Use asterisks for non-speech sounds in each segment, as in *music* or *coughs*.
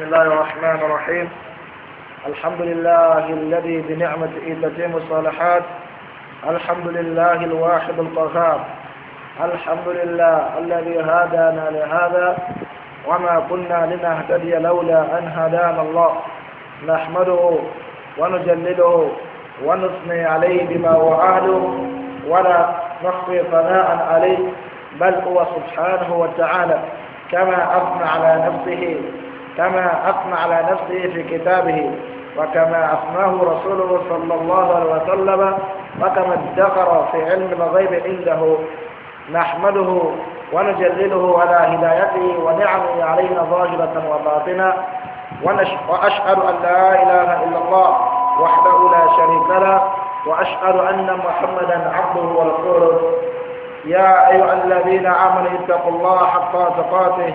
بسم الله الرحمن الرحيم الحمد لله الذي بنعمة إيه تتم الصالحات الحمد لله الواحد القهار الحمد لله الذي هدانا لهذا وما كنا لنهتدي لولا أن هدانا الله نحمده ونجلده ونثني عليه بما وعده ولا نخفي ثناء عليه بل هو سبحانه وتعالى كما أثنى على نفسه كما أثنى على نفسه في كتابه وكما أثناه رسوله صلى الله عليه وسلم وكما ادخر في علم الغيب عنده نحمده ونجلله على هدايته ونعمه علينا ظاهرة وباطنة وأشهد أن لا إله إلا الله وحده لا شريك له وأشهد أن محمدا عبده ورسوله يا أيها الذين آمنوا اتقوا الله حق تقاته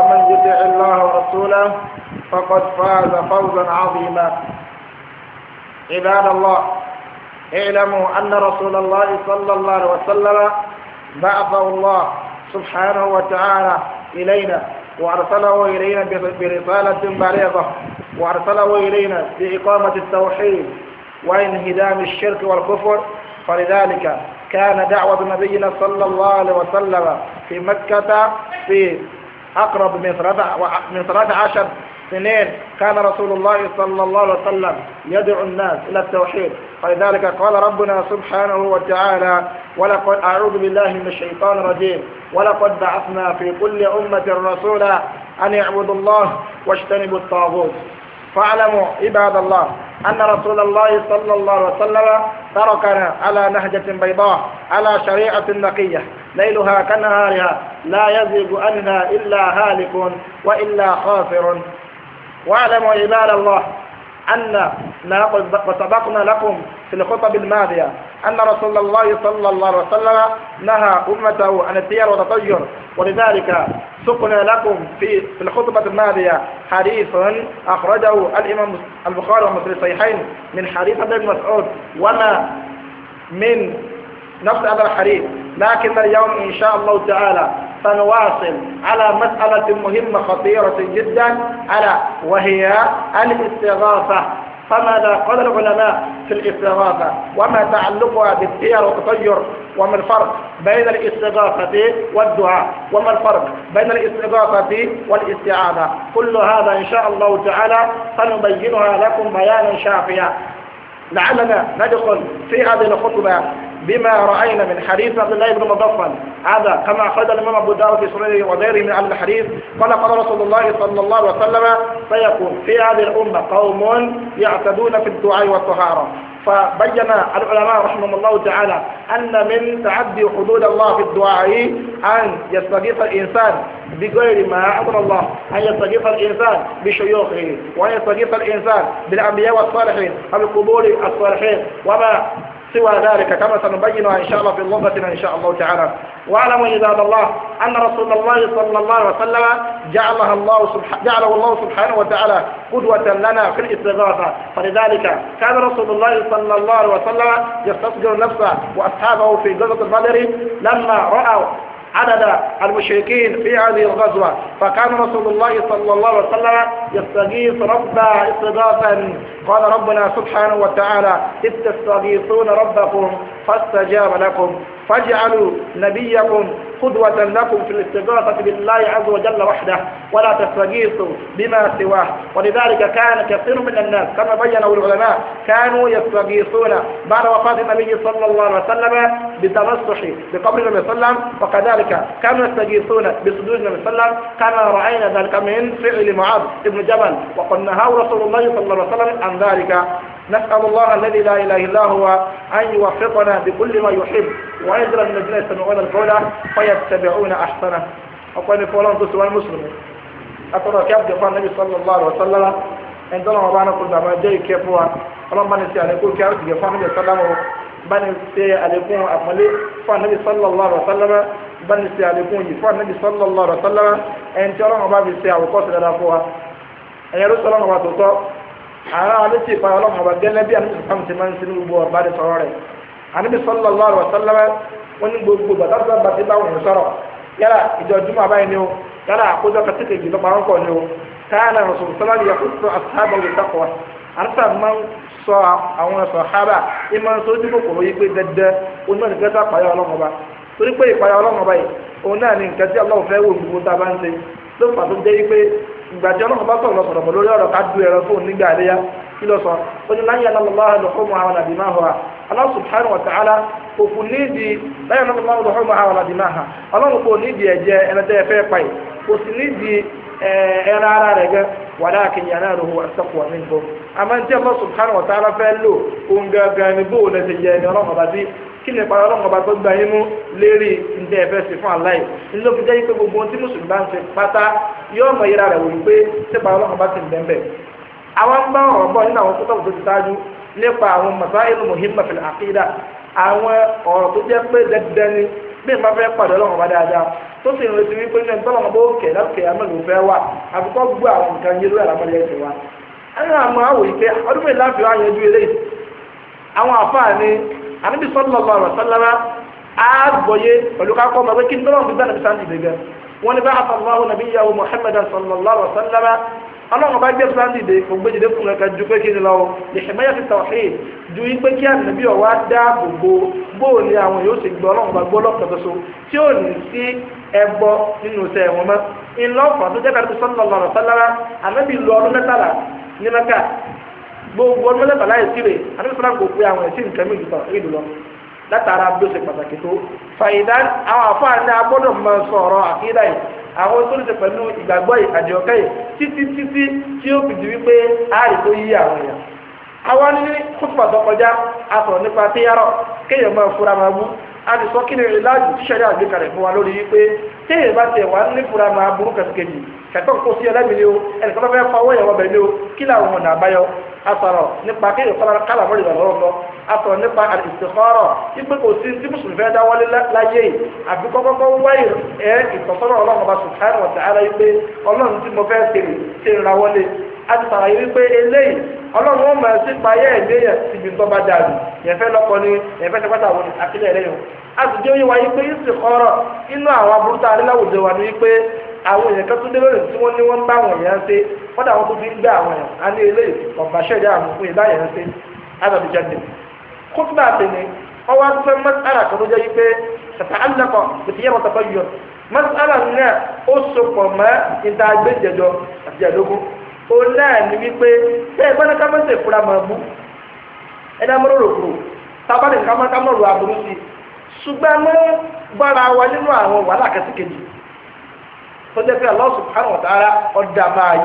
ومن يطع الله ورسوله فقد فاز فوزا عظيما عباد الله اعلموا أن رسول الله صلى الله عليه وسلم بعثه الله سبحانه وتعالى إلينا وأرسله إلينا برسالة بليغة وأرسله إلينا بإقامة التوحيد وانهدام الشرك والكفر فلذلك كان دعوة نبينا صلى الله عليه وسلم في مكة في أقرب من من 13 سنين كان رسول الله صلى الله عليه وسلم يدعو الناس إلى التوحيد فلذلك قال ربنا سبحانه وتعالى ولقد أعوذ بالله من الشيطان الرجيم ولقد بعثنا في كل أمة رسولا أن يعبدوا الله واجتنبوا الطاغوت فاعلموا عباد الله أن رسول الله صلى الله عليه وسلم تركنا على نهجة بيضاء على شريعة نقية ليلها كنهارها لا يزيغ عنها إلا هالك وإلا خاسر واعلموا عباد الله أن ما سبقنا لكم في الخطب الماضية أن رسول الله صلى الله عليه وسلم نهى أمته عن الثير والتطير ولذلك سقنا لكم في في الخطبة الماضية حديث أخرجه الإمام البخاري ومسلم الصحيحين من حديث ابن مسعود وما من نفس هذا الحديث لكن اليوم إن شاء الله تعالى سنواصل على مسألة مهمة خطيرة جدا على وهي الاستغاثة فماذا قال العلماء في الاستغاثة وما تعلقها بالسير والتطير وما الفرق بين الاستغاثة والدعاء وما الفرق بين الاستغاثة والاستعانة كل هذا إن شاء الله تعالى سنبينها لكم بيانا شافيا لعلنا ندخل في هذه الخطبة بما رأينا من حديث عبد الله بن مظفر هذا كما أخرج الإمام أبو داود في سننه وغيره من أهل الحديث قال قال رسول الله صلى الله عليه وسلم سيكون في هذه الأمة قوم يعتدون في الدعاء والطهارة فبين العلماء رحمهم الله تعالى أن من تعدي حدود الله في الدعاء أن يستغيث الإنسان بغير ما أعطى الله أن يستغيث الإنسان بشيوخه وأن يستغيث الإنسان بالأنبياء والصالحين القبور الصالحين وما سوى ذلك كما سنبينها إن شاء الله في لغتنا إن شاء الله تعالى واعلموا عباد الله أن رسول الله صلى الله عليه وسلم جعلها الله سبحانه جعله الله سبحانه وتعالى قدوة لنا في الاستغاثة فلذلك كان رسول الله صلى الله عليه وسلم يستصغر نفسه وأصحابه في غزوة البدر لما رأوا عدد المشركين في هذه الغزوة فكان رسول الله صلى الله عليه وسلم يستغيث ربه استغاثا قال ربنا سبحانه وتعالى إذ تستغيثون ربكم فاستجاب لكم فاجعلوا نبيكم قدوة لكم في الاستغاثة بالله عز وجل وحده ولا تستغيثوا بما سواه ولذلك كان كثير من الناس كما بينه العلماء كانوا يستغيثون بعد وفاة النبي صلى الله عليه وسلم بتمسح بقبر النبي صلى الله عليه وسلم وكذلك كانوا يستغيثون بصدور النبي صلى الله عليه وسلم كما رأينا ذلك من فعل معاذ بن جبل وقد نهاه رسول الله صلى الله عليه وسلم عن ذلك نسأل الله الذي لا إله إلا هو أن يوفقنا بكل ما يحب ويجرى من الذين يستمعون القول فيتبعون أحسنه أقول فلان تسوى المسلم أترى كيف دفع النبي صلى الله عليه وسلم إن دلنا وبعنا كل ما جاي كيف هو فلان من سيئ عليكم كيف دفع النبي صلى الله عليه وسلم بني سيئ عليكم أملي فالنبي صلى الله عليه وسلم bani se alekun yi fún anabi sallallahu alaihi wa sallam ẹn tí ọlọ́run bá fi se àwòkọ́ sí dada fún wa ẹ̀yẹ́rú ara alẹ́sì ìfà ọlọ́run ọba gẹ́lẹ́ bí àníbi sọ́kàm ti máa ń sinú gbogbo ọba rẹ̀ sọ̀rọ̀ rẹ̀ àníbi sallallahu alaihi wasallam wọn ní gbogbo bàtàtà bàtí bá wọn sọ̀rọ̀ yálà ìjọ jùmọ̀ àbáyé ni o yálà àkójọ kàtíkè jù lọ́pàá wọn kọ̀ ni o káàna rasul sallallahu alaihi wasallam asábà wò takwa àrísà máa ń sọ àwọn sàhábà ìmọ̀ sojú kòkòrò yìí pé dẹ́dẹ́ onímọ̀ nìkan tá àpáyọ ọlọ́run ọba torí pé ìpáyọ ọlọ́run ọba yìí òun náà ni nǹkan ìgbà tí ọlọ́run bá sọ̀rọ̀ sọ̀rọ̀ bọ̀ lórí ọ̀rọ̀ ká du ẹ̀rọ fóun nígbà àléyá kí ló sọ ó ní láyé aláàlọ́lá lọ́kọ́mù àwọn àdìmá hùwà Allah subhanahu wa ta'ala kò fún nídìí láyé aláàlọ́lá lọ́kọ́mù àwọn àdìmá hà ọlọ́run kò nídìí ẹ̀jẹ̀ ẹ̀rẹ́tẹ́ ẹ̀fẹ́ pa yìí kò sì nídìí ẹ̀rẹ́ ara rẹ̀ gan wàláàkì yàrá ìròhùn àtàkùn àmì nǹkan àmọ́ ní tí Allah subhanahu wa ta'ala fẹ́ lò òun gangan ní bóun ẹ̀sẹ̀ yẹ ẹni ọlọ́run ọba kí lè parọ́ ọlọ́run ọba tó gba yín mú lérí ǹdẹ́ ẹ̀fẹ́ sí fún aláì ní ló fi jẹ́ pé gbogbo ohun tí mùsùlùmí bá ń ṣe pátá yóò mọ ìra rẹ̀ wò wípé ṣé parọ́ ọlọ́run ọba ti ń bẹ́ẹ̀ àwọn ń bá ọ̀rọ̀ bọ̀ nínú àwọn tó tọ̀wọ̀ tó ti ṣáájú nípa àwọn masáìlú muhimma fil aqida àwọn ọ̀rọ̀ tó jẹ́ pé dandan bí n bá fẹ́ pàdé ọlọ́run ọba dáadáa tó sì ń ànábì sallallahu alaihi wasallam àgbọ̀yé pẹ̀lú kákọ́ ọmọ pé kí n tọ́lọ́ fi gbàdàbí sáà dìde gan wọn ni ba'atha Allahu nabiyyahu Muhammadan sallallahu alaihi wasallam ọlọ́run bá gbé sáà dìde ògbé dìde fún kankan ju pé kí ni lọ lè ṣe mẹ́yà ti tawhid ju pé kí ànábì ọ̀wá dáàbò bo bóò ni àwọn yóò ṣe gbọ́ ọlọ́run bá gbọ́ lọ́kọ̀ọ́sọ tí ò ní sí ẹbọ nínú iṣẹ́ wọn mọ́ ìlọ́kọ̀ọ́ tó jẹ́ kàdúgbò sallallahu alaihi wasallam lọ ọdún mẹ́tàlá ní mẹ́kà gbogbo ọdún mẹ́fà láyé sílẹ̀ àti sọ́nà kò pé àwọn ẹ̀sìn nǹkan méjì kan rí lọ látara bí ó ṣe pàtàkì tó fàyìdá àwọn àfáàní agbọ́dọ̀ máa sọ̀rọ̀ àkídà yìí àwọn tó ń ṣe pẹ̀lú ìgbàgbọ́ yìí àdìọ́kẹ́ yìí títí títí tí ó fìdí wípé ààrẹ tó yí àwọn èèyàn. àwọn ní kófà tó a sọ̀rọ̀ nípa tíyárọ̀ kéèyàn máa fura máa bú a lè sọ kí ni ìlàjì tí sẹ́rí àgbékalẹ̀ fún wa lórí wípé tí èyí bá tẹ̀ wá ní fura máa burú kẹsìkejì kẹtọ́ kó sí ẹlẹ́mi ni o ẹnìkan bá fẹ́ fọwọ́ ìyàwó bẹ̀ ni o kí làwọn ọ̀nà àbáyọ asọ̀rọ̀ nípa kí èyí kálàmọ́ ìrọ̀lọ́rọ̀ lọ asọ̀rọ̀ nípa àìsìkọ́rọ̀ ipe kò sí tí mùsùlùmí fẹ́ a ti sàlàyé wípé eléyìí ọlọ́run wọn máa sí payẹ́ ẹ̀mí èèyàn síbi tó bá dàrú yẹn fẹ́ lọ́kọ ni yẹn fẹ́ tẹ́pátá àwọn àkílẹ̀ ẹlẹ́yìn a sì jẹ́ òyìnbó yìí pé ìsìn kọ́rọ̀ inú àwọn aburú tá a wa ni wípé àwọn èèyàn kan tún dé lónìí tí wọ́n ní wọ́n ń bá àwọn èèyàn ṣe wọ́n dà wọ́n tún fi ń gbé àwọn èèyàn á ní eléyìí ọ̀bà ṣẹ̀dá àwọn fún ìbá èèyàn ṣe ábàbí jáde kótóbà tèmi wọ́n wá tún fẹ́ mọ́sára kan tó jẹ́ wípé tàtà àlùkò bìtìyẹ́ mọ́tàkọ́ yọ mọ́sára náà ó sopọ̀ mọ́ ìta gbẹ́jẹjọ àti àdógún o náà ni wípé ṣé ẹgbẹ́ ní kámẹ́sì ìfura máa bú ẹni amúrò tábàlì kámẹ́ kámẹ́ aburú sí i ṣùgbọ́n mú gbára wa nínú àwọn wàhálà kẹsíkejì tó jẹ́ pé ọ̀dà ọba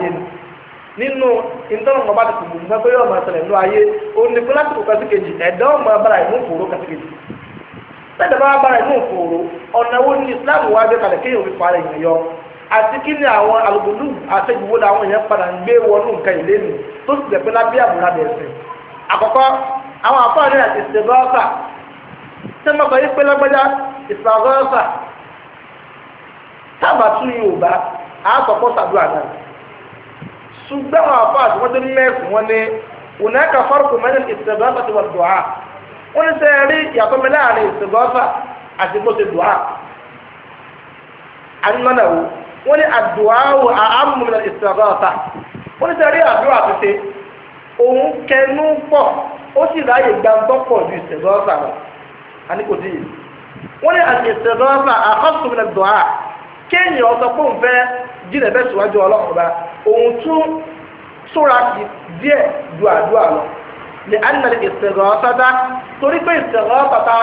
ti pé yóò máa ṣẹlẹ̀ ayé pé ẹ̀dá ọmọ abára ìmú tẹ́lẹ̀ bá abára ni Islam wá gbé kalẹ̀ kéèyàn fi parẹ́ àti kí ni àwọn àlùbùlù àtẹ̀jùwò làwọn èèyàn padà ń gbé wọnú nǹkan ìlé nù tó sì dẹ̀pẹ́ lábẹ́ àbúrà bẹ̀rẹ̀ àkọ́kọ́ àwọn àfáàní àti ìsìnbọ́sà tí wọ́n sọ yìí pé lágbájá ìsìnbọ́sà tábà tún Yorùbá àkọ́kọ́ sàdúrà náà ṣùgbọ́n àwọn àfáàní wọ́n ti mẹ́sùn wọn ní ònàkà fárúkù mẹ́rin ìsìnbọ́sà ti wà dùn á wọ́n ní sẹ́yìn rí ìyàtọ̀ mi láàrin ìsìnbọ́sà àti bó ti dùn á. àyùmọ́nà wo wọ́n ní àdùáwò àámùmìnà ìsìnàbáta wọ́n ní sẹ́rí àdúrà tó ṣe òun kẹnu pọ̀ ó sì ráyè gbàgbọ́ pọ̀ ju ìsìnàbáta lọ àníkò sí yìí wọ́n ní ìsìnàbáta àkọ́sùmìnà dùá kéèyàn ọ̀sọ̀ pé òun fẹ́ jìnà bẹ́ẹ̀ síwájú ọlọ́kùnrin òun tún sóra díẹ̀ ju àdúrà lọ lè ánàlè ìsìnàbáta torí pé ìsìnàbáta tá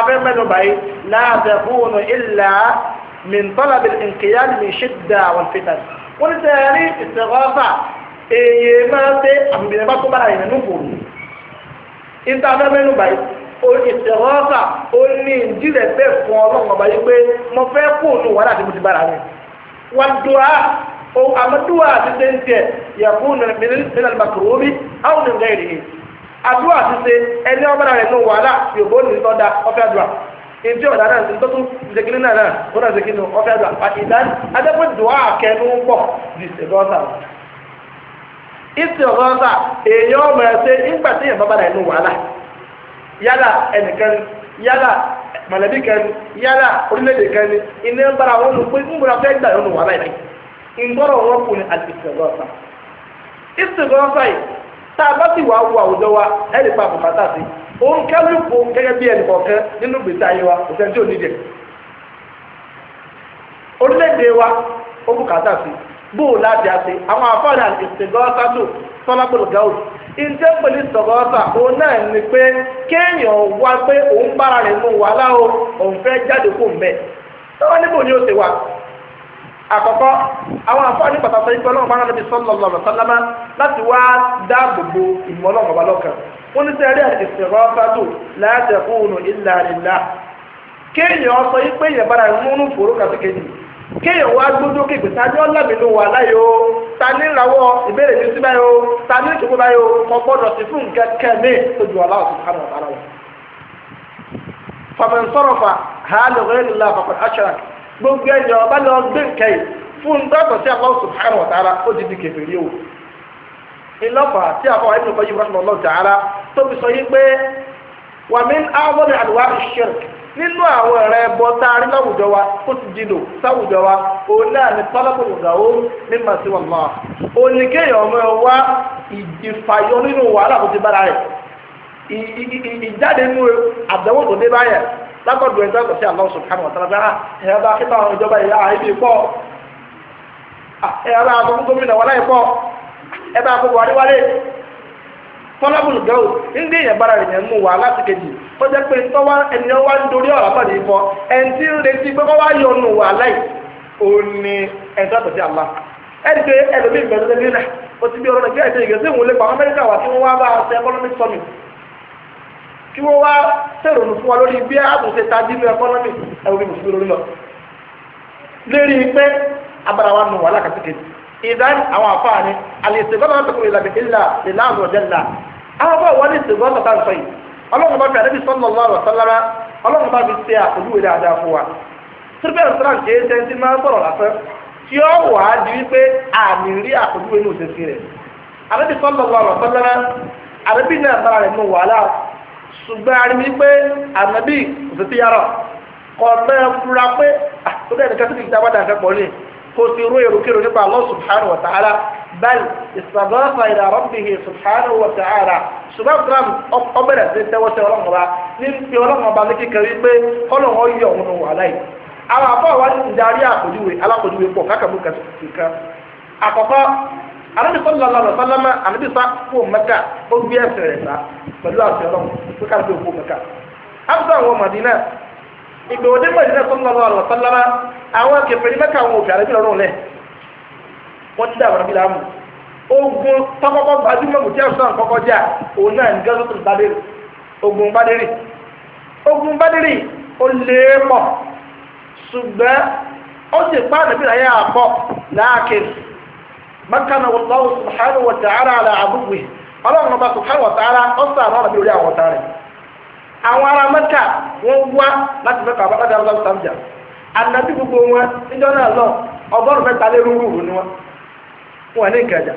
min talab al-inqiyad min shidda wal fitan wọ́n tẹ́ rí ìsẹ̀rọ́fà èyí máa tẹ́ àmìyànbá tó bára ìrìnà nùgbò ní ìtàfẹ́ mẹ́nu báyìí o ìsẹ̀rọ́fà ó ní ìdílẹ̀ bẹ́ẹ̀ fún ọlọ́run ọba yìí pé mo fẹ́ kó ònú wàhálà tí mo ti bára mi wà dùá o àmàdùá àti ṣe ń tiẹ̀ yàgò nínú àlùbàkùrọ̀wọ́bí àwọn ènìyàn rẹ̀ àdúrà ti ṣe ẹni ọba rẹ̀ nù wàhálà yòbó nìtọ́da ọfẹ́ àdúrà ìdí ọ̀dà náà ní tọ́tún ìdẹ́kìlì náà náà ó náà ṣe kí ọ̀fẹ́ àdúrà àti ìdá adẹ́pẹ́ dùá kẹnu ń pọ̀ ju ìṣègọ́sà lọ. ìṣègọ́sà èèyàn ọmọ ẹ̀ṣẹ́ nígbà tí bá kan yálà orílẹ̀-èdè kan ní iná ń bára wọn pé ń fẹ́ gbà wàhálà yìí wọn kù ní ó ń kálukú gẹ́gẹ́ bí ẹnì kọ̀ọ̀kan nínú gbèsè ayé wa kò sẹ́ni tí ò orílẹ̀-èdè wa ó bùkátà sí bóò láti àti àwọn afọ́nà ìsìngọ́sá tó tọ́lápọ̀lọ̀gá òsì ìjẹ́ pẹ̀lú ìsọ̀gọ́sà òun náà ni pé kéèyàn wá pé òun bára rẹ̀ mú wa láwo òun fẹ́ jáde kó mbẹ́ tọ́wọ́ níbo ni ó ti wà wọ́n ní sẹ́rí ìsìnkọ́fàtò látẹ̀kùnù ìlà ìlà kéèyàn ọsọ yí pé èèyàn bára múnú fòró kàtíkejì kéèyàn wá gbójú kí ìpìtájú ọlọ́mìnú wà láyé o ta ní ìràwọ̀ ìbéèrè ní sí báyìí o ta ní ìṣòro báyìí o kò gbọ́dọ̀ sí fún kẹ́kẹ́ ní ojú aláwọ̀ tó kánà ọ̀tara wọn. fàmì sọ̀rọ̀fà ha lè rẹ́ ìlọ́fà tí a fọwọ́ ibùdókọ̀ yìí rọ́ṣùmọ̀ lọ́wọ́ tààrà tó fi sọ yí pé wà mí áwọ́lẹ̀ àdúrà ṣẹ́rẹ̀ nínú àwọn ẹ̀rẹ́ ẹbọ tá a rí láwùjọ wa ó ti dìnnà sáwùjọ wa òun náà ni pálákò ìgbàwó ní màsíwàmọ́ oníkéèyàn ọmọ ẹ wá ìfàyọ nínú wàhálà tó ti bára rẹ̀ ìjáde nínú àdánwò tó dé báyẹn lákọ̀dọ̀ ẹ̀dá ọ̀sẹ̀ Allah subhanahu ẹ̀yà bá kí táwọn ìjọba ìyá àìbí pọ̀ ẹ̀yà bá aṣọ fún gómìnà wọlé pọ̀ ẹ bá gbogbo àríwálé tọ́lábùlù gẹ́wò ndé èèyàn gbára rẹ̀ yẹn mú wa láti kejì tó jẹ́ pé tọ́wá ènìyàn wá ń dorí ọ̀rọ̀ àbọ̀dé ifọ̀ ẹni tí ń retí pé kọ́ wá yọnu wà láì òun ni ẹni tó àlá ẹni pé ẹlòmíì bẹ̀rẹ̀ ó ti bí ọ̀rọ̀ nàìjíríà pé abarawa nù wà lákàtúkẹ́jì ìdán àwọn àfáàní àlèsègbọ́n náà tọkùnrin ìlànà ìlà ìlà àrùn ọ̀jẹ̀lá àwọn afọ àwọn àlèsègbọ́n náà tọkùnrin sọyìn ọlọ́run bá fi àdébí sọ́nà ọlọ́run sálára ọlọ́run bá fi ṣe àpòjúwe dáadáa fún wa tírípẹ̀rẹ̀ sọ́nà ṣe é ṣe máa ń sọ̀rọ̀ lásán tí ó wà á di wípé àmì rí àpòjúwe ní òṣèṣì rẹ̀ àdébí sọ́nà ọlọ́run sálára àdébí náà bára rẹ̀ nù wàhálà ṣùgbọ́n a rí wípé ànábì òṣèṣì yàrá kọ̀ọ̀mẹ́ fura pé àtúndẹ̀ ah, nìkan tó ti gbà wádà nǹkan pọ̀ ní kò sí irú èròkèrò nípa Allah subhanahu wa ta'ala bal istaghatha ila rabbihi subhanahu wa ta'ala ṣùgbọ́n abraham ọbẹ̀rẹ̀ sí tẹ́wọ́sẹ̀ ọlọ́mọba ní fi ọlọ́mọba ní kékeré pé ọlọ́mọ yọ òun nù wà láì àwọn àbọ̀ wa ń darí àpòjúwe alápòjúwe pọ̀ kákàmú kàtìkan àkọ́kọ́ anabi ìgbà òde mọ̀lẹ́dẹ́ sọ́nlọ́lọ́ àlọ́ sálámà àwọn kẹfẹ́ ní mẹ́ka àwọn òfin àrẹ́bí lọ́rùn lẹ̀ wọ́n ti dàbọ̀ níbi láàmú ogun tọkọkọ gbajúmọ̀ kò tí a sọ àkọ́kọ́ jà òun náà ní gẹ́gẹ́ tó ti bádẹ́rì ogun bádẹ́rì ó lé pọ̀ ṣùgbọ́n ó sì pa àdàbí láyé àpọ̀ láàkiri makana wallahu subhanahu wa ta'ala ala abubuwi ọlọ́run ọba subhanahu wa ta'ala ọ̀sán àwọn àwọn ará mẹ́ta wọ́n wá láti mẹ́ta àbá láti arúgbó sàmìjà ànàbí gbogbo wọn níjọ́ náà lọ ọgọ́rùn mẹ́ta lé rúrú rú ni wọn wọn ní ìkẹjà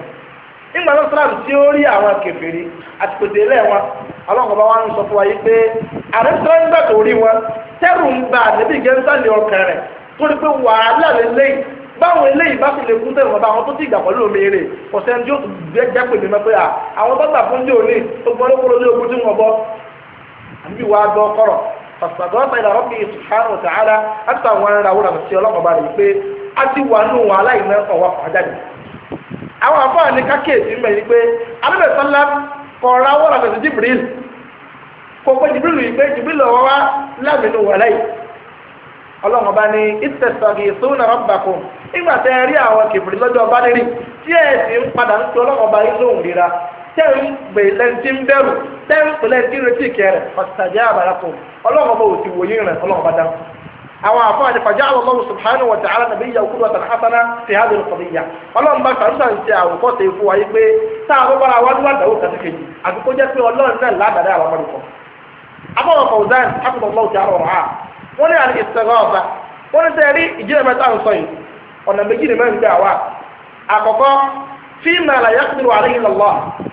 nígbà tó sọ́ra tí ó rí àwọn àti pèsè ilé wọn ọlọ́run bá wà ń sọ fún wa yìí pé àrẹ́sọ́ nígbà tó rí wọn tẹ́rù ń bà níbi gẹ́ńsà ní ọkàn pé wàhálà báwọn eléyìí bá lè àwọn tó ti àwọn fún òní ogun tí àbí wàá gbọ́ kọ́rọ̀ pàṣípàgọ́sà ìlà rọ́bì subhanahu wa ta'ala àti àwọn arìnrìn sí ọlọ́mọba rẹ̀ pé a ti wà nù wọn aláìná ọwọ́ àjáde àwọn àfọwà ní kákèésì mẹ́rin ni pé alábẹ̀sọ́lá kọ̀ọ̀rọ̀ àwọn àmì Jibril kò pé Jibril yìí pé Jibril wà ní ìtẹ̀sọ̀gì tẹ́ẹ̀n gbèlẹ́ntì ń bẹ̀rù tẹ́ẹ̀n gbèlẹ́ntì retí kẹrẹ ọ̀sàdì àbàràkọ ọlọ́run bá òsì wòye rẹ̀ ọlọ́run bá dá. àwọn àfọ àdìpàjá àwọn ọlọ́run subhanahu wa ta'ala nàbí ìyá òkúrò àtàlà hasana fi hàdùn kọ̀díyà ọlọ́run bá sàrúsà ń ṣe àwòkọ́ ṣe fún wa yìí pé tá a bọ́bára wá níwá dàwó kàtí kejì àti kó jẹ́ pé ọlọ́run náà ládàá àwọn ọmọdékọ. abọ́wọ̀ fọ̀zán hàkùnmọ̀ ọlọ́run ti àrọ̀ ha wọ́n ní àlè ìṣẹ̀rọ̀ ọ̀sà wọ́n ní sẹ́ẹ̀rí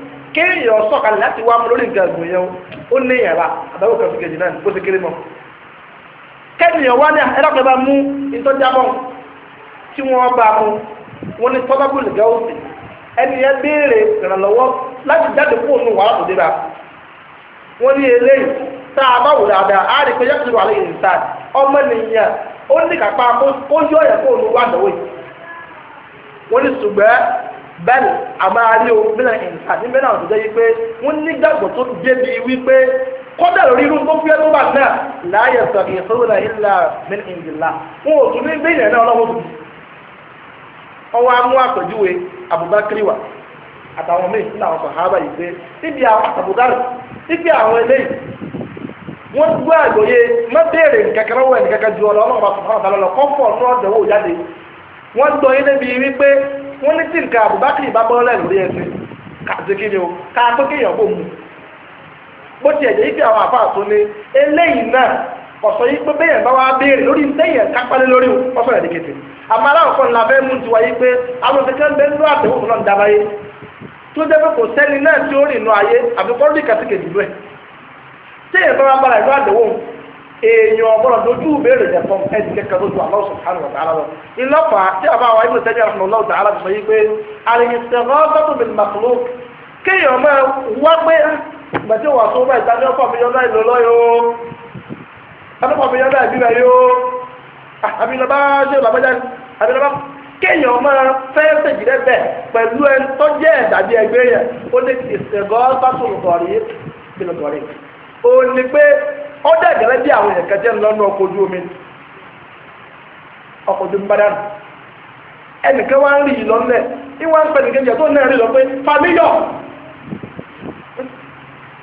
kéèyàn sọ̀kalẹ̀ láti wá yẹn ó ní àbáwò kan ó ti kéré mọ́ kẹ́nìyàn wá ní bá mú ìtọ́jábọ̀ tí wọ́n bá mú wọn ní ẹni yẹn béèrè ìrànlọ́wọ́ láti jáde kó wàhálà tó débà ní tá a bá wò dáadáa rí pé ti wà ọmọ nìyẹn ó ní kápá ó yọ ẹ̀kọ́ òun wá bẹ́ẹ̀ àmọ́ a o mílẹ̀ ìǹsà ní mẹ́rin àwọn yìí pé wọ́n nígbàgbọ́ tó débi wípé kódà lórí irú tó na ẹnu bá náà láàyè sọ ndị ìlà mílẹ̀ ìǹdìlá wọn ò tún ní gbé ìyẹn náà lọ́wọ́ tuntun. ọwọ́ amú àpèjúwe Abubakar wa àtàwọn míì nínú àwọn sàhábà yìí pé níbi àwọn níbi àwọn eléyìí wọ́n gbọ́ má béèrè wọ́n gbọ́ yín débi wípé wọ́n ní tí nǹkan Abubakar ìbá bọ́ lẹ́nu lórí ẹsẹ̀ kàtó kí ni o ká tó kéèyàn kó mu bó tiẹ̀ jẹ́ ipe àwọn àfáà tó ní eléyìí náà ọ̀sọ̀ yìí pé bá wá béèrè lórí ntẹ́yẹn kápálẹ́ lórí ọ̀sọ̀ dìkìtì àmọ́ aláwọ̀kọ́ ńlá fẹ́ mú tiwa yìí pé àwọn ń bẹ ń lọ tó jẹ́ pé kò sẹ́ni náà tí ó rìn ayé èèyàn ọgbọ́n lójú ìbéèrè jẹ fún ẹni kẹkẹ lójú Allah subhanahu wa ta'ala lọ ìlọ́pàá tí a bá wa ibùdó tẹ́lẹ̀ ọ̀nà ọlọ́wọ́ tààrà sọ yí pé àrìnṣẹ́rọ́ gbọ́dọ̀ mi màkúrò kéèyàn máa wá pé gbàtí wà tó bá ìtajà ọkọ̀ mi yọ̀dá ìlú lọ́yọ̀ ọkọ̀ mi yọ̀dá ìbí rẹ̀ yó àbílọ́bá ṣe làbájá àbílọ́bá kéèyàn máa fẹ́ ṣèjìdẹ́ bẹ̀ tó jẹ́ ó ní ìṣẹ̀gọ́ ó dị gẹ́gẹ́ bí àwọn èèyàn kẹjẹ́ ńlọ́nà ọkọ̀ ojú omi ọkọ̀ ojú mbádà nù ẹnìkan rí ìwà ń pẹ̀lú kejì tó náà rí lọ pé fàmíyọ̀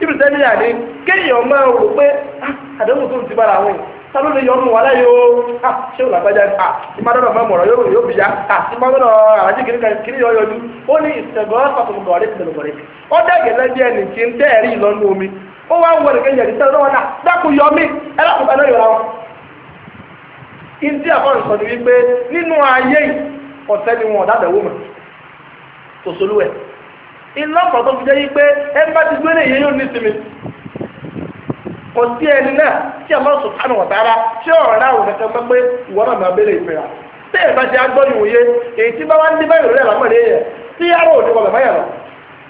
ibi sẹ́ni àní kéèyàn máa rò pé ah, àdéhùn tó ń ti bára àwọn èèyàn ta ló lè yọ ha kiri ah, ah, yọ ó ní ó wá ń wọlé kẹyìn ẹ̀dísẹ́ ọ̀dọ́ wọn náà dákun yọ mí ẹ náà yọra wọn. india kan sọ ni wípé nínú ayé ọ̀tẹ́ ni wọn mọ̀ solú ẹ̀. iná kan tó fi jẹ́ wípé ẹ bá ti gbé lẹ́yìn yóò ní kò sí ẹni náà tí a máa sánú tí ọ̀rọ̀ náà wò pé ìwọ náà máa bẹ̀rẹ̀ ìfẹ́ tí ẹ bá ti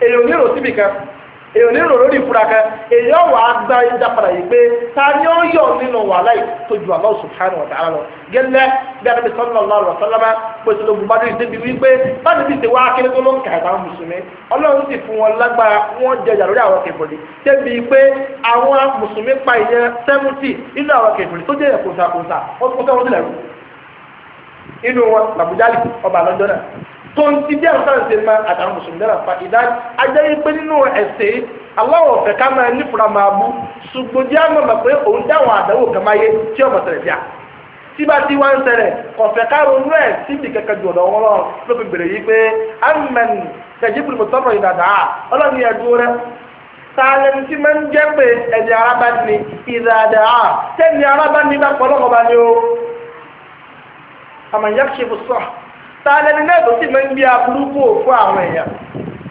ìwòye èyàn lérò lórí ìfúrakẹ́ èyàn wà á gbá ìdápadà yìí pé ta ni ó yọ nínú wàhálà ìtòjú Allah subhanahu wa ta'ala lọ gẹ́lẹ́ bí adébí sallallahu alaihi wasallam pèsè lóògùn bá dé ibi wípé báyìí ti ṣe wá akéré tó ló ń kà ẹ̀ka mùsùlùmí ọlọ́run sì fún wọn lágbára wọn jẹjà lórí àwọn kẹfìrì débi pé àwọn mùsùlùmí pa ìyẹn sẹ́mùtì inú àwọn kẹfìrì tó jẹ́ ẹ̀kọ́sàkọ́sà wọ́n kó sẹ́wọ́n sílẹ̀ tó ń ti bí àwọn sáré ṣe máa àtàwọn mùsùlùmí náà fa ìdá ajá yìí pé nínú ẹ̀sẹ̀ aláwọ̀ ọ̀fẹ́ ká máa nífura máa mú ṣùgbọ́n jẹ́ àmọ́ mọ̀ pé òun dáwọn àdánwò kan máa yé tí ọmọ tẹ̀lẹ̀ bíà tí bá ti wá ń ṣẹlẹ̀ ọ̀fẹ́ ká ronú ẹ̀ síbi kẹ̀kẹ́ jù ọ̀dọ̀ wọn lọ ló fi bèrè yìí pé amẹ́n tẹ̀jíbùrù mọ̀tọ́rọ̀ ìdàdà ọlọ́ni ẹ̀dùn rẹ tààlẹ́ni tí máa ń jẹ́ pé ẹ̀dì arábá ni ìdàdà tẹ́ni arábá ni bá pọ̀ lọ́kọ̀ọ́ bá ní o àmọ̀ yàtọ̀ ṣe fún tààlẹ́ ní náà tó sì máa ń gbé aburú kó fún àwọn èèyàn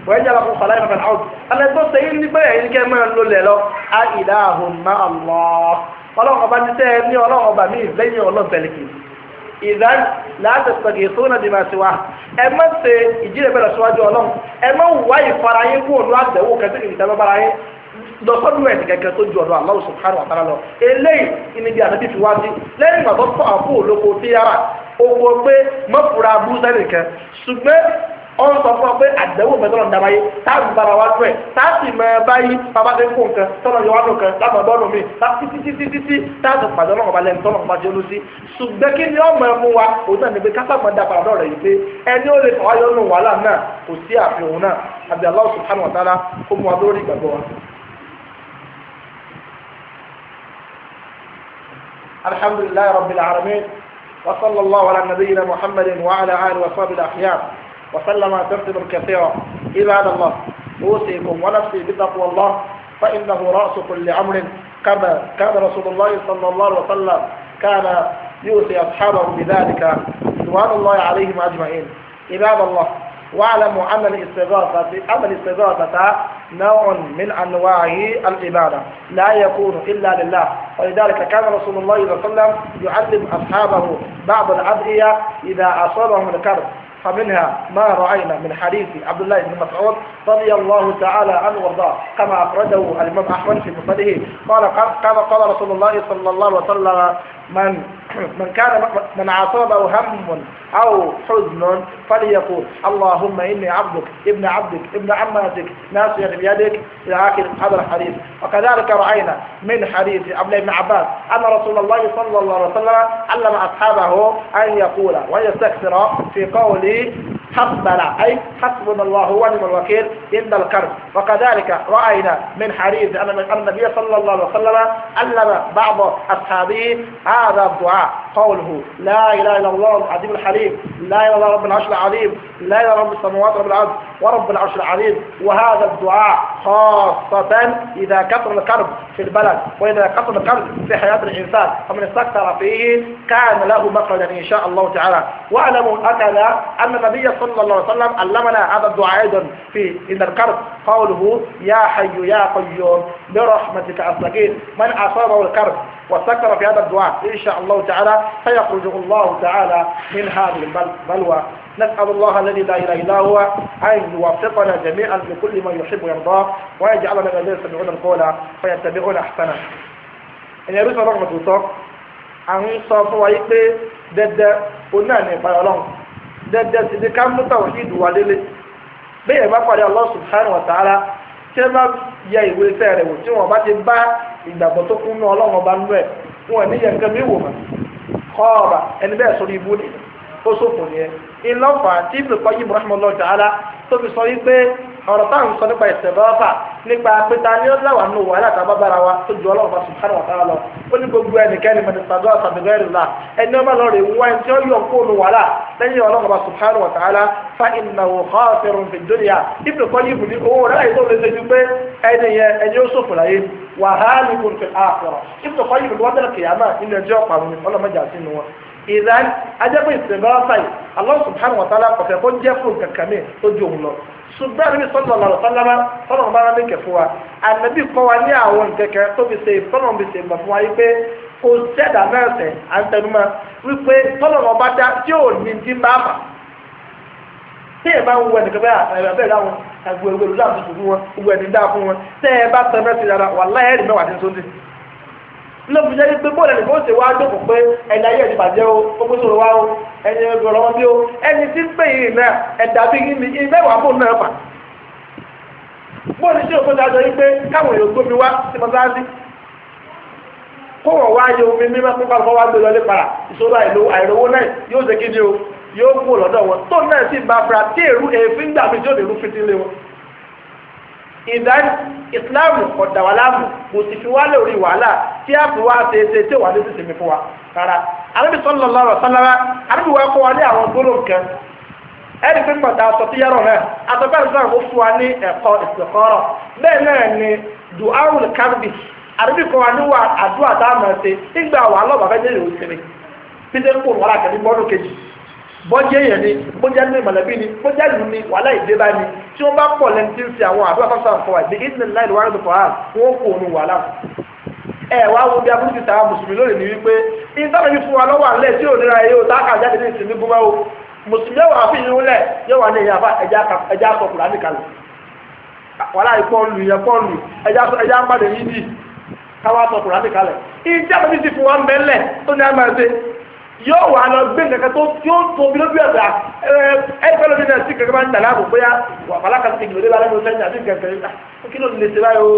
wọ́n yára fún fàlàyé bàbá náà ọ̀dù alẹ́ tó sẹ́yìn ní bẹ́ẹ̀ yìí kẹ́ máa ń lólẹ̀ lọ á ìdá àhùn má Allah ọlọ́run ọba ti tẹ́ ẹ ní ọlọ́run ọba mi lẹ́yìn ọlọ́ọ̀bẹ̀lẹ̀ kì ìdá láti sọ̀gì ìsúná di máa ti wá ẹ má ṣe ìjílẹ̀ bẹ̀rẹ̀ síwájú ọlọ́run ẹ má wá ìfara yín ẹ̀ gẹ́gẹ́ tó ju ọ̀dọ̀ Allah subhanahu wa ta'ala eléyìí ìníbi àdébí fi wá sí lẹ́yìn ìgbà tó àpò olóko tíyára oko pé mọ́fura abúlé nìkan ṣùgbọ́n wọ́n sọ fún ọ pé àdéhùn ọ̀fẹ́ tọ́lọ̀ ń dábàá yé táàbù bára wá tó ẹ̀ táàbù mọ ẹ báyìí bàbá tó ń kó nǹkan tọ́lọ̀ yọ wá tó nǹkan lábàá bọ́ọ̀lù mi títí títí títí táàbù pàdé ọlọ́run ọba lẹ́nu tọ́lọ̀ pàdé olùsí ṣùgbọ́n kí ni ọmọ ẹmu wa òun náà ní pé kápá mọ̀ dàpọ̀ àdọ́ rẹ̀ yìí pé ẹni ó lè fọwọ́ yọ nù wàhálà náà kò sí àfihàn náà àbí Allah subhanahu wa ta'ala kó وصلى الله على نبينا محمد وعلى آله وصحبه الأخيار وسلم تسليما كثيرا عباد الله أوصيكم ونفسي بتقوى الله فإنه رأس كل أمر كما كان رسول الله صلى الله عليه وسلم كان يوصي أصحابه بذلك رضوان الله عليهم أجمعين عباد الله واعلموا أن الاستغاثة أن الاستغاثة نوع من أنواع العبادة لا يكون إلا لله ولذلك كان رسول الله صلى الله عليه وسلم يعلم أصحابه بعض الأدعية إذا أصابهم الكرب فمنها ما رأينا من حديث عبد الله بن مسعود رضي الله تعالى عنه وارضاه كما أخرجه الإمام أحمد في مسنده قال قال قال رسول الله صلى الله عليه وسلم من *coughs* من كان من عصابه هم أو حزن فليقول اللهم إني عبدك ابن عبدك ابن عماتك ناصية بيدك إلى آخر هذا الحديث وكذلك رأينا من حديث عبد بن عباس أن رسول الله صلى الله عليه وسلم علم أصحابه أن يقول ويستكثر في قوله حسبنا أي حسبنا الله ونعم الوكيل عند الكرب وكذلك رأينا من حديث أن النبي صلى الله عليه وسلم علم بعض أصحابه هذا الدعاء قوله لا إله إلا الله العظيم الحليم لا إله إلا الله رب العرش العظيم لا إله رب السماوات رب العرش ورب العرش العظيم وهذا الدعاء خاصة إذا كثر الكرب في البلد وإذا كثر الكرب في حياة الإنسان فمن استكثر فيه كان له مقعدا إن شاء الله تعالى واعلموا أكد أن النبي صلى الله عليه وسلم علمنا هذا الدعاء أيضا في إن الكرب قوله يا حي يا قيوم برحمتك أستغيث من أصابه الكرب وسكر في هذا الدعاء إن شاء الله تعالى فيخرجه الله تعالى من هذه البلوى نسأل الله الذي لا إله إلا هو أن يوفقنا جميعا لكل ما يحب ويرضاه ويجعلنا من الذين يستمعون القول فيتبعون أحسنه ان يرسل رحمه الله ان sọ àwọn sọ fún dandan sì ni ká mú tàwhídù wá délé bẹ́ẹ̀ yẹn bá pàdé Allah subhanahu wa ta'ala tí ẹ bá yẹ ìwé iṣẹ́ rẹ̀ wò tí wọn bá ti bá ìgbàgbọ́ tó kún ní ọlọ́run ọba nú ẹ̀ wọn ní yẹn nǹkan mi wò mọ́ kọ́ ọ̀rà ẹni bẹ́ẹ̀ sọ ní ibú nìyẹn ó sófò nìyẹn ìlọ́fà tí Ibn Qayyim rahimahullah ta'ala tó fi sọ wípé ọ̀rọ̀ táwọn sọ nípa ìsẹ̀bọ́fà nípa pété ni ó láwà nù wà láti abábára wa tó ju ọlọ́run bá subhanahu wa lọ ó ní gbogbo ẹnikẹ́ni mẹ́tẹ̀ẹ̀tàdọ́ àtàbẹ̀rẹ̀lá ẹni ọba lọ wá ẹni tí ó yọ kóònù wàhálà lẹ́yìn ọlọ́run bá subhanahu wa ta'ala fa innahu khasirun fid dunya Ibn Qayyim ní owó rẹ̀ àyè tó lè ṣe ju pé ẹni yẹn ẹni ó ṣòfò láyé wàhálì kùn ìdán ajẹ́pẹ́ ìsìnbára sáì Allah subhanahu wa ta'ala kọ̀fẹ́ kó jẹ́ fún kankan mi tó ju òun lọ ṣùgbọ́n àbí sọ́nà ọ̀làrọ̀ sálábà sọ́nà ọ̀bára mi kẹfọ́ wa ànábì kọ́ wa ní àwọn nkẹ́kẹ́ tó fi ṣe sọ́nà ọ̀bí ṣe mọ̀ fún wa yí pé kò sẹ́dà náà sẹ̀ à ń tẹnumọ́ wípé sọ́nà ọba dá tí ò ní ti bá bà tí ẹ bá ń wẹ nìkan bẹ́ẹ̀ àtàwọn ẹ̀bẹ̀ dáwọn àgbẹ̀wẹ̀ lóṣù àtúntò fún wọn gbogbo ẹ̀ ló fi jẹ́ pé bóòlù ẹnìkan ó sì wá jókòó pé ẹni ayé ẹ̀dí bàjẹ́ o gbogbo sọ̀rọ̀ wa o ẹni ọgọ̀rọ̀ wọn bí o ẹni tí ń pè yìí náà ẹ̀dá bí mi ìmẹ́wàá bò náà fà. bóòlù ṣé òfin dájọ́ yìí pé káwọn èèyàn gbómi wá sí mọ́sáàsì kó wọ́n wá yẹ omi mímọ́ pé kálukọ́ wá gbé lọlé para ìṣòro àìrówó náà yóò ṣe kí ni o yóò kú lọ́dọ̀ wọn tó náà sì bá fura tí èrú èéfín gbà mí tí ò ní rú fitilé wọn ìdá ìsìláàmù ọ̀dàwálámù kò sì fi wá lórí wàhálà tí a fi wá ṣe ṣe tí wà ní sísè fún wa rárá arábì sallallahu alaihi wasallam arábì wa kọ́ wa ní àwọn gbólóhùn kan ẹni pé pàtà aṣọ tí yẹrọ náà aṣọ bẹ́ẹ̀ sọ̀rọ̀ kó fún wa ní ẹ̀kọ́ ìsìnkọ́rọ̀ bẹ́ẹ̀ náà ni duawul karbi arábì kọ́ wa níwà àdúrà tá a máa ṣe nígbà wà lọ́ba bẹ́ẹ̀ bọ́jẹ́ yẹn ni bọ́jẹ́ ní mọ̀lẹ́bí ni bọ́jẹ́ lù ní wàhálà ìdébá ni tí wọ́n bá pọ̀ lẹ́ni tí ń ṣe àwọn àdúrà fásitì àfọwà ìdí ìdílé láì lọ́wọ́ àdúrà fọ́ọ̀hà wọ́n kò ní wàhálà ẹ̀wà wo bí abúlé ti tàwa mùsùlùmí lónìí ni wípé ìtọ́nà yìí fún wa lọ́wọ́ àlẹ́ tí ò nira yìí tá kà ní ìsinmi gbúgbá o mùsùlùmí yóò wà fún ìyún lẹ̀ yóò wà ní ìyá àfa ẹja sọ kalẹ̀ ìpọ́ọ̀lù pọ́ọ̀lù ẹja káwá sọ ti fún wa tó yóò wà lọ gbé nǹkan tó tí ó tóbi lóbi ọ̀dà ẹgbẹ́ lóbi náà sí kankan máa ń tàlá àbò bóyá wà fàlákà sí ìgbèrè bá lẹ́nu sẹ́yìn àti nǹkan kẹrin kí ló lè ṣe báyìí o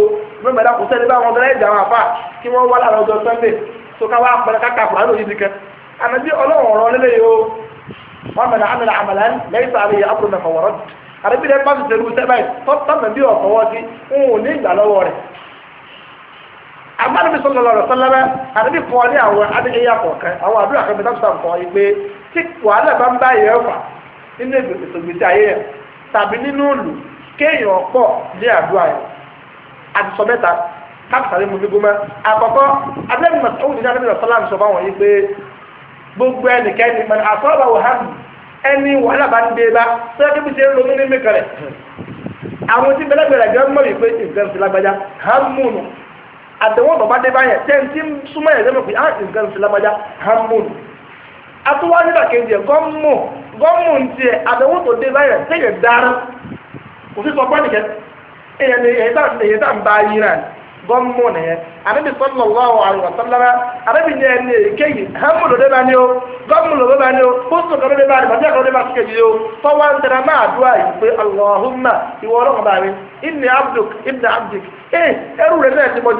mẹ́mẹ́ dàkú sẹ́ni bá wọn bẹ́rẹ̀ ìjàmà fà kí wọ́n wá lára ọjọ́ Sunday tó ká wá pẹ̀lú káka fúra lórí ibi kan ànàbí ọlọ́run ọ̀rọ̀ nílé yìí o wọ́n mẹ́rin àmì àmàlàn lẹ́yìn sáré àbúrò mẹ́fà wọ̀rọ̀ àrẹ́bí agbára bí sọlọ lọrọ sọlọrẹ àdébí fún ọ ní àwọn adéyẹyà kọ̀ọ̀kan àwọn àdúrà kan bẹ̀rẹ̀ sọ̀rọ̀ fún ọ yìí pé tí wàhálà bá ń bá yẹn fà nínú ìgbésí ayé yẹn tàbí nínú òlù kéèyàn pọ̀ ní àdúrà yẹn àti sọ mẹ́ta kápítàlì mu gbígbó mẹ́ àkọ́kọ́ adébí mọ̀sáwù ní adébí sọlá ń sọ fáwọn yìí pé gbogbo ẹnikẹ́ni mọ̀ àfọ́bà wàhálà ẹni wàhálà bá ń dé bá sọ́yà àtẹ̀wọ́ bàbá dé báyẹn tẹ́ni tí súnmọ́ ẹ̀ lẹ́mọ̀ pé á nǹkan fi lágbájá hamun atúwá nígbà kejì ẹ̀ gọ́mù gọ́mù ń tiẹ̀ àtẹ̀wọ́ tó dé báyẹn tẹ́yẹ̀ dára kò sí sọ pé nìkẹ́ ń bá yíra bọ́mú nìyẹn anabi sallallahu alaihi wa sallam anabi ní ẹni èyíkéyìí hẹ́mú lòdì bá ní o gọ́mú lòdì bá ní o pósítọ̀ lòdì bá ní bàtí àkọ́lòdì bá sókè yìí o tọ́wọ́ ń tẹ̀lé máa dúrà yìí pé allahumma ìwọ ọlọ́kọ̀ bá mi inni abduk ibn abdik ee eh, ẹrú rẹ̀ náà ti mọ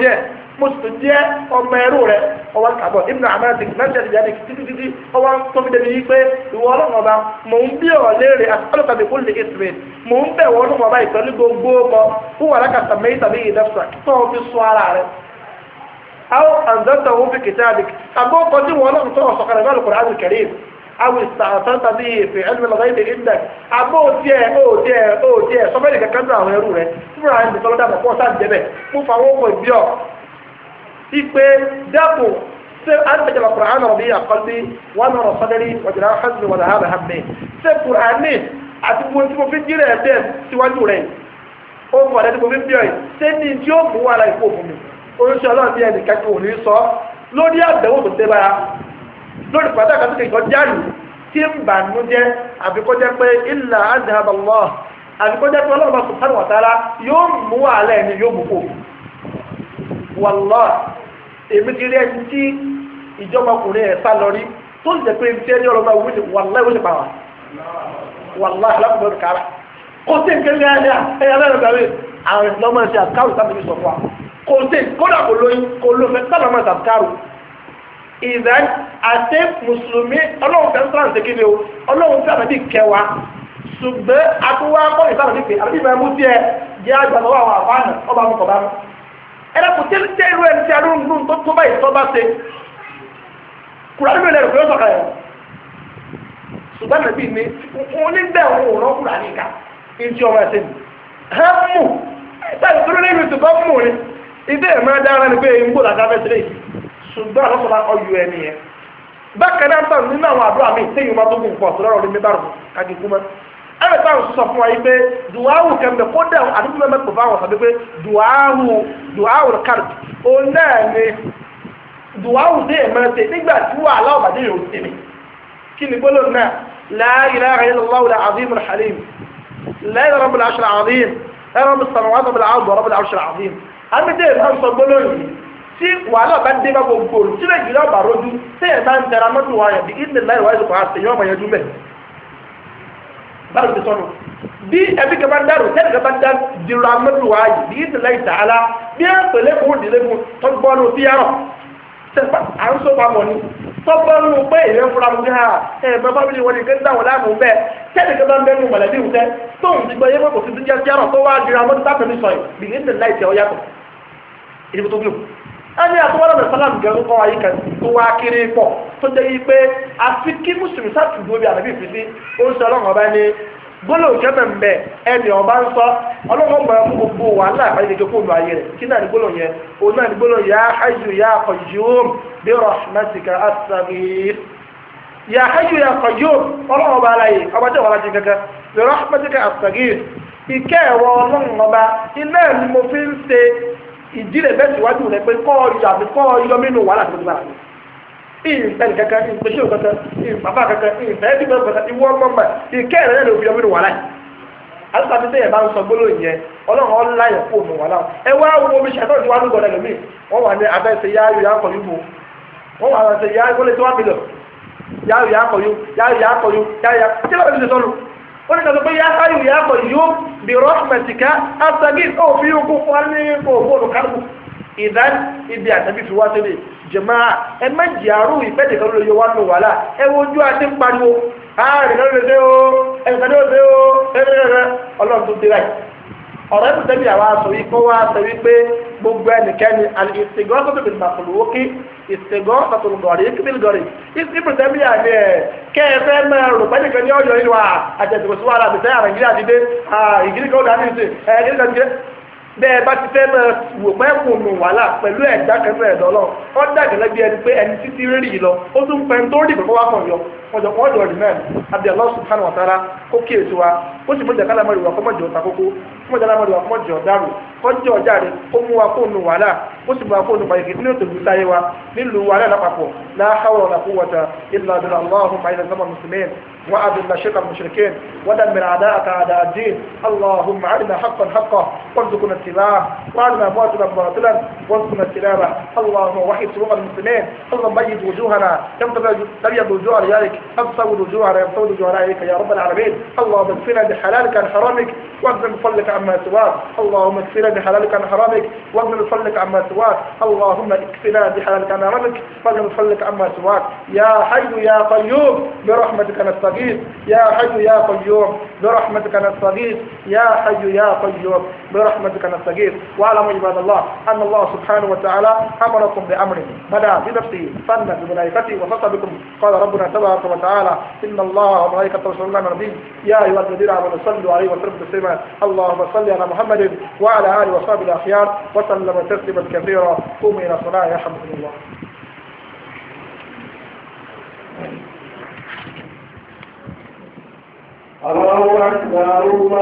mo sì jẹ́ ọmọ ẹrú rẹ ọwọ́ kàbọ̀ ibùdó àmàlà tèmi náà jẹ́ ìyáni títí títí ọwọ́ tó fi débi pé ìwọ ọlọ́run ọba mò ń bí ọ̀ léèrè àtọ́lọ́ta mi kó lè ké tìrè mò ń bẹ̀ wọ́n ọlọ́run ọba ìtọ́lú gbogbo ọmọ fún wàrà kàtà mẹ́yìn tàbí ìdẹ́fà tó o fi sọ ara rẹ aw anzalta hu fi kitabik abo kọjú wọn lọ́nà tó ọ̀sọ̀ kan lọ́nà kùrán kẹrìm aw ista'tanta bihi fi ilmi al-ghaybi indak abo tiẹ̀ o tiẹ̀ o tiẹ̀ sọfẹ́ni kankan náà àwọn ẹrú rẹ fúnra ẹni tó lọ́dà mọ̀ pọ̀ sáà jẹ́ bẹ́ẹ̀ mo fà wọ́n kọ̀ ipe dáàbò ṣe àtẹ̀jọba kùránù ọ̀bí àkọ́lé wọn lọ́rọ̀ sọ́dẹ́rì wọ̀jọ̀lá hàzùn wọ̀dà hàbà hàbà ṣe kùránì àti gbogbo tí mo fi jí rẹ̀ bẹ́ẹ̀ síwájú rẹ̀ ó mọ̀ lẹ́nu mo fi bí ọ̀yìn ṣé ní tí ó mú wàhálà ìkó fún mi oríṣi ọlọ́run bí ẹnì kẹ́kẹ́ ò ní sọ lórí àbẹ̀wò tó dé bára lórí pàtàkì wàlúwà èmi ti rí ẹni tí ìjọba ọkùnrin ẹ̀ sá lọ rí tó ń jẹ pé ibi tí ẹni ọlọ́mọ ìwé ti wàlúwà ìwé ti pa wà wàlúwà alákùnrin ọdún kára kò sí nkéde ẹ̀yà ẹ̀yà lẹ́nu gbàgbé àwọn ìsìlẹ̀ ọmọ ẹ̀sìn àkàrù sábà ti sọ fún wa kò sí kódà kò lóyún kò ló fẹ́ sábà máa sàkàrù ìdá àti mùsùlùmí ọlọ́run fẹ́ sábà ti kéde o ọlọ́run fẹ́ àbẹ̀bí kẹwàá ṣùgbọ́n àtúwá kọ́ ìsábà ti pè àbẹ̀bí ìfẹ́ mú tiẹ̀ jẹ́ àgbàlọ́wọ́ àwọn àfáàná ọba mi kọ̀ bá mi ẹ̀rọ kò tẹ́lẹ̀ tẹ́ irú ẹni tí arúgbó nínú tó tó báyìí tó bá ṣe kùránì mi lẹ́rù pé ó sọ̀kà yẹn ṣùgbọ́n nàbí mi òun ní bẹ́ẹ̀ òun ò rán kùránì ká ìjọ ọmọ ẹ̀sìn mi hàn mù táyì tó lórí ìrìnsì bá mù ni ìdí ẹ̀ máa dára ni pé ń gbọ́dọ̀ dábẹ́ sílẹ̀ ṣùgbọ́n àwọn sọ̀rọ̀ ọyù ẹni yẹn bákan náà nínú àwọn àdúrà mi téèyàn máa tó gùn pọ̀ sọ̀rọ̀ ọ̀rọ̀ mi bá rùn kájú kú mọ́ ẹ̀rẹ̀ táwọn sọ fún wa yìí pé dùwáwù kẹmẹ kódà àdúgbò mẹ́mẹ́ pè fáwọn sàbí pé dùwáwù dùwáwù kárì ó náà ni dùwáwù dé ẹ̀mẹ́rẹ́tẹ̀ nígbà tí wà aláwọ̀bàdé yóò ṣe mi kí ni gbólóhùn náà la ilaha illallahu al-azim al-halim lẹ́yìn rabbul arshil azim ẹ̀rọ sàmùwà rabbul arsh rabbul arshil azim amídé ìmọ̀ sọ gbólóhùn yìí tí wàhálà bá dé bá gbogbo tí lè jùlọ bàrójú tí ẹ̀ bá ń tẹra mọ́tò wáyà bí ìdílé láì wáyé kò báwo ti sọnù bí ẹbí kẹfà ń dárò sẹ́ni kẹfà ń dá dìrò amẹ́lùwà yìí bí ìdílé ìtàhálà bí ẹ pèlè fún ìdílé fún tọ́gbọ́nù sí yàrá sẹ́pà à ń sọ pamọ́ ni tọ́gbọ́nù pé èyí ń fura mu bí ha ẹ bẹ́ẹ̀ bá wílé wọn ni kéńtà wọn láàmú bẹ́ẹ̀ sẹ́ni kẹfà ń bẹ́nu mọ̀lẹ́bí wùtẹ́ tóun ti gbọ́ yé mọ̀ kò sí yàrá tó wá dìrò amẹ́lùwà ẹni àtúwọ́lọ̀ mẹ́sàlám gẹ̀rún kọ́ ayé kan tó wá kéré pọ̀ tó jẹ́ yí pé àfi kí mùsùlùmí sàtúndó bí àlàbí fi sí ó ń sọ ọlọ́run ọba ní gbọ́dọ̀ jẹ́bẹ̀ mbẹ́ ẹni ọba ń sọ ọlọ́run gbọ́dọ̀ fún gbogbo wàhálà àpáyé kí fóònù ayé rẹ̀ kí náà ní gbọ́dọ̀ yẹn òun náà ní gbọ́dọ̀ yá hayyu yá qayyum bí rahmatika ìdílé bẹ́ẹ̀ síwájú rẹ̀ pé kọ́ ọ̀yọ́ àti kọ́ ọ̀yọ́ mínú wàhálà tó ti bára mi ìpẹ́ni kankan ìpèsè kankan ìpàpà kankan ìpẹ́ ẹbí kankan kankan ìwọ ọgbọ́n gbà ìkẹ́rẹ̀ náà ló fi ọmọ inú wàhálà yìí àtúntò àti sẹ́yìn bá ń sọ gbólóhùn yẹn ọlọ́run ọ̀la yẹn kó òmù wàhálà ẹ wá wo omi ṣàtọ́ ìdíwá ló gbọ́dọ̀ lómi wọ́n wà ní abẹ́sẹ̀ yáyò yá kọ̀yú bò wọ́n wà lọ́sẹ̀ yáyò kó lè tí wọ́n bìlọ̀ yáyò yá kọ̀yú yáyò yá kọ̀yú yáyò yá kí ló bẹ̀rẹ̀ sọ́nu ó ní kàtàkì yá háyù yá kọ̀ yóò bí rọ́ọ̀mẹ̀tìká àtàgé òfin yóò kó fún wa ní òfin olùkárùkù ìdán ibi àtàbí fi wá sílẹ̀ jẹ̀máà ẹ má jẹ́ àrú ìfẹ́ nìkan ló yọ wá ní wàhálà ẹ wojú àti pariwo ààrẹ nìkan ló lè ṣe o ẹ̀ ọ̀rọ̀ ẹ̀bùn tẹ́lẹ̀ àwa sọ yìí kó wá sọ wípé gbogbo ẹnikẹ́ni ìsìngọ́ sọ́tò bìnnà fòlùwókì ìsìngọ́ sọ́tò gọ̀rì ìkíbìl gọ̀rì ìsìnkú tẹ́lẹ̀ àmì ẹ̀ kẹ́ẹ̀fẹ́ máa rò pẹ́ nìkan ní ọ̀yọ́ ìlú àjẹsìkò sí wàhálà àbẹ̀tẹ́ àrẹ̀gírí àdídé ìgírí kan dání ẹ̀ẹ́gírí kan jẹ́ bẹ́ẹ̀ bá ti fẹ́ máa wò pẹ́ kò nù wàhálà pẹ̀lú ẹ̀dá kẹfẹ́ ẹ̀dọ́ lọ ọ́ dàgẹ́lẹ́ bí ẹni pé ẹni títí rírì lọ ó tún pẹ́ tó rí ìpẹ́kọ́ wá kàn yọ wọ́n jọ wọ́n jọ àbí Allah subhanahu wa ta'ala kó kíyèsí wa ó sì mọ̀jà kálámọ̀rì wà kọ́mọ̀jọ takoko mọ̀jà kálámọ̀rì wà kọ́mọ̀jọ dárò kọjọ ọjà rẹ kó mú wa kó nu wàhálà o sì mú wa kó nu pàyẹ̀kì nínú tòlú sáyé wa nílùú wàhálà lápapọ̀ láhàwọ̀ ọ̀làkú wọ̀tà ilà àdúrà aláhùn máa ilẹ̀ sọ́mọ̀ mùsùlùmí wa àdúrà ṣẹ́kà mùsùlùmí wa da mìíràn àdá ata àdá dín aláhùn máa àdìnà hakọ̀ hakọ̀ وارزقنا اتباعه وارنا باطلا باطلا وارزقنا اتباعه اللهم وحد سبوع المسلمين اللهم مجد وجوهنا يوم تبيض وجوه رجالك ابصر وجوهنا يبصر وجوه رجالك يا رب العالمين اللهم اغفرنا بحلالك عن حرامك واغفر فضلك عما سواك اللهم اكفنا بحلالك عن حرامك واغفر فضلك عما سواك اللهم اكفنا بحلالك عن حرامك واغفر فضلك عما سواك يا حي يا قيوم برحمتك نستغيث يا حي يا قيوم برحمتك نستغيث يا حي يا قيوم برحمتك نستغيث واعلموا عباد الله ان الله سبحانه وتعالى امركم بامره بدا بنفسه فن بملائكته وخص بكم قال ربنا تبارك وتعالى ان الله وملائكته يصلون على النبي يا ايها الذين امنوا صلوا عليه وسلموا تسليما اللهم صل على محمد وعلى آله وصحبه الأخيار وسلم تسليما كثيرا قوم إلى صلاة يرحمكم الله الله أكبر الله